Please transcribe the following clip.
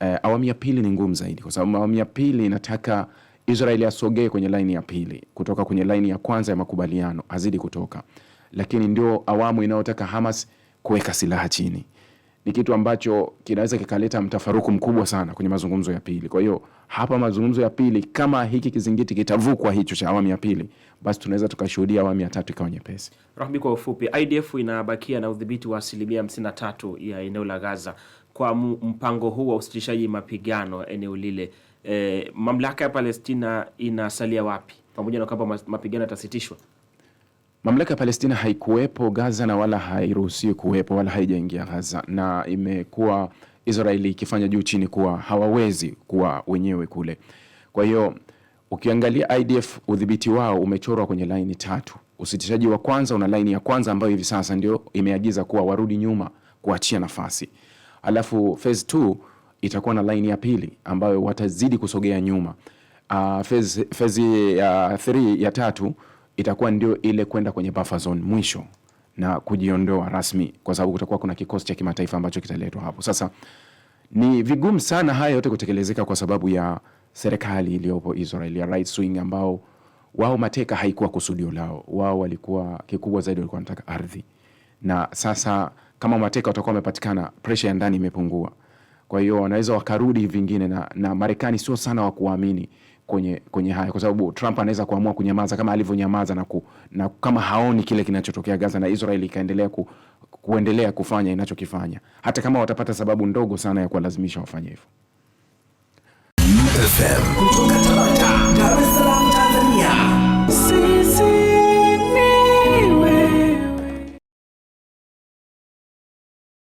eh, awamu ya pili ni ngumu zaidi, kwa sababu awamu ya pili inataka Israeli asogee kwenye laini ya pili kutoka kwenye laini ya kwanza ya makubaliano, azidi kutoka, lakini ndio awamu inayotaka Hamas kuweka silaha chini. Ni kitu ambacho kinaweza kikaleta mtafaruku mkubwa sana kwenye mazungumzo ya pili. Kwa hiyo hapa mazungumzo ya pili, kama hiki kizingiti kitavukwa hicho cha awamu ya pili, basi tunaweza tukashuhudia awamu ya tatu ikawa nyepesi. Rahbi, kwa ufupi, IDF inabakia na udhibiti wa asilimia 53 ya eneo la Gaza kwa mpango huu wa usitishaji mapigano eneo lile, e, mamlaka ya Palestina inasalia wapi pamoja na kwamba mapigano yatasitishwa? Mamlaka ya Palestina haikuwepo Gaza na wala hairuhusiwi kuwepo wala haijaingia Gaza, na imekuwa Israeli ikifanya juu chini kuwa hawawezi kuwa wenyewe kule. Kwa hiyo ukiangalia IDF udhibiti wao umechorwa kwenye laini tatu. Usitishaji wa kwanza una laini ya kwanza ambayo hivi sasa ndio imeagiza kuwa warudi nyuma, kuachia nafasi alafu phase 2 itakuwa na line ya pili ambayo watazidi kusogea nyuma. Uh, phase phase ya 3 ya tatu itakuwa ndio ile kwenda kwenye buffer zone mwisho na kujiondoa rasmi, kwa sababu kutakuwa kuna kikosi cha kimataifa ambacho kitaletwa hapo. Sasa ni vigumu sana haya yote kutekelezeka kwa sababu ya serikali iliyopo Israel ya right wing, ambao wao mateka haikuwa kusudio lao. Wao walikuwa kikubwa zaidi walikuwa wanataka ardhi, na sasa kama mateka watakuwa wamepatikana, presha ya ndani imepungua, kwa hiyo wanaweza wakarudi vingine, na, na Marekani sio sana wa kuamini kwenye, kwenye haya kwa sababu Trump anaweza kuamua kunyamaza kama alivyonyamaza na, ku, na kama haoni kile kinachotokea Gaza na Israel ikaendelea ku, kuendelea kufanya inachokifanya hata kama watapata sababu ndogo sana ya kuwalazimisha wafanye hivyo.